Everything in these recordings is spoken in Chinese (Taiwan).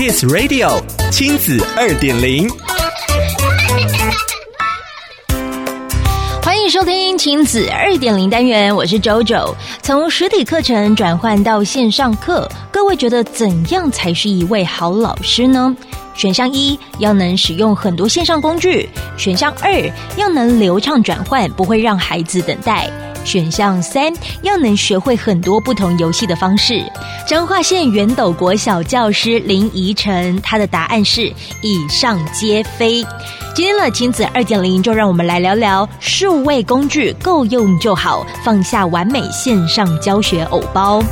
KISS Radio 親子二點零，歡迎收聽親子二點零單元，我是 JoJo，從實體課程轉換到線上課，各位覺得怎樣才是一位好老師呢？選項一，要能使用很多線上工具，選項二，要能流暢轉換，不會讓孩子等待。選項三，要能學會很多不同遊戲的方式。彰化縣原斗國小教師林怡辰，他的答案是以上皆非。今天的親子二點零，就讓我們來聊聊數位工具夠用就好，放下完美線上教學偶包。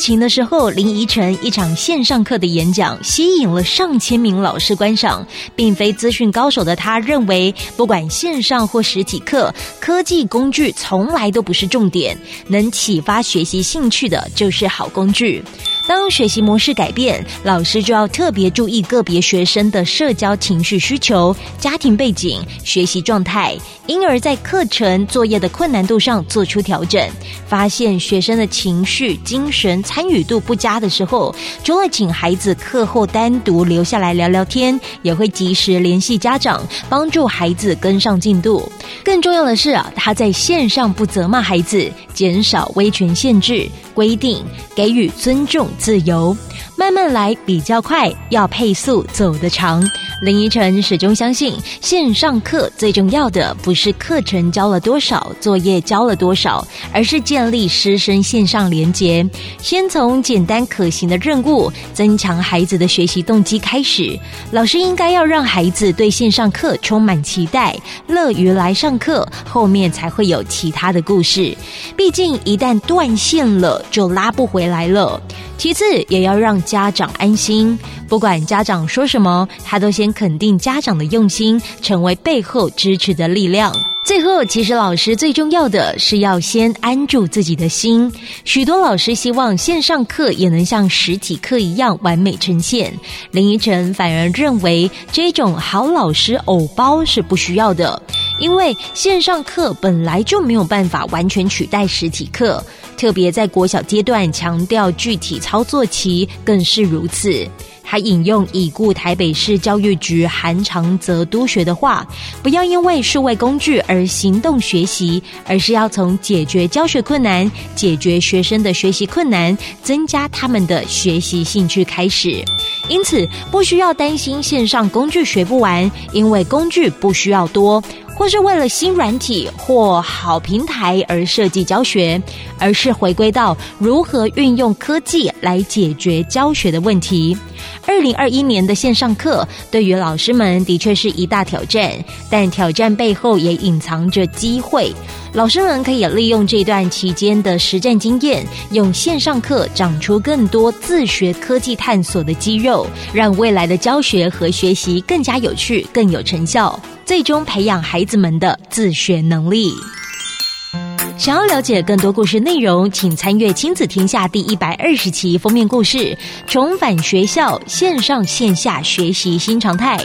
疫情的時候，林怡辰一場線上課的演講吸引了上千名老師觀賞。並非資訊高手的她，認為不管線上或實體課，科技工具從來都不是重點，能啟發學習興趣的就是好工具。當學習模式改變，老師就要特別注意個別學生的社交情緒需求、家庭背景、學習狀態，因而在課程作業的困難度上做出調整。發現學生的情緒、精神參與度不佳的時候，除了請孩子課後單獨留下來聊聊天，也會及時聯繫家長，幫助孩子跟上進度。更重要的是啊，他在線上不責罵孩子，減少威權限制規定，給予尊重。自由。慢慢來，比較快，要配速走得長。林怡辰始終相信，線上課最重要的不是課程教了多少，作業教了多少，而是建立師生線上連接。先從簡單可行的任務，增強孩子的學習動機開始。老師應該要讓孩子對線上課充滿期待，樂於來上課，後面才會有其他的故事。畢竟一旦斷線了，就拉不回來了。其次，也要讓。家長安心，不管家長說什麼，他都先肯定家長的用心，成為背後支持的力量。最後，其實老師最重要的是要先安住自己的心。許多老師希望線上課也能像實體課一樣完美呈現，林怡辰反而認為這種好老師偶包是不需要的。因為線上課本來就沒有辦法完全取代實體課，特別在國小階段強調具體操作期更是如此。她引用已故台北市教育局韓長澤督學的話：“不要因為數位工具而行動學習，而是要從解決教學困難、解決學生的學習困難、增加他們的學習興趣開始。”因此，不需要擔心線上工具學不完，因為工具不需要多。或是為了新軟體或好平台而設計教學，而是回歸到如何運用科技來解決教學的問題。二零二一年的線上課對於老師們的確是一大挑戰，但挑戰背後也隱藏着機會。老師們可以利用這段期間的實戰經驗，用線上課長出更多自學科技探索的肌肉，讓未來的教學和學習更加有趣、更有成效。最終培養孩子們的自學能力。想要了解更多故事內容，請參閱《親子天下》第一百二十期封面故事《重返學校：線上線下學習新常態》。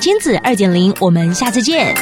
親子二點零，我們下次見。